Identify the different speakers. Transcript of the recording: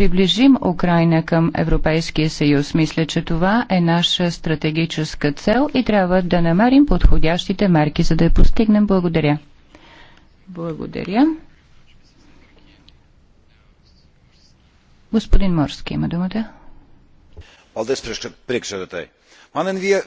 Speaker 1: приближим Украина към Европейския съюз. Мисля, че това е наша стратегическа цел и трябва да намерим подходящите мерки, за да я постигнем. Благодаря. Благодаря. Господин Морски има думата.
Speaker 2: Алдес е.
Speaker 3: вие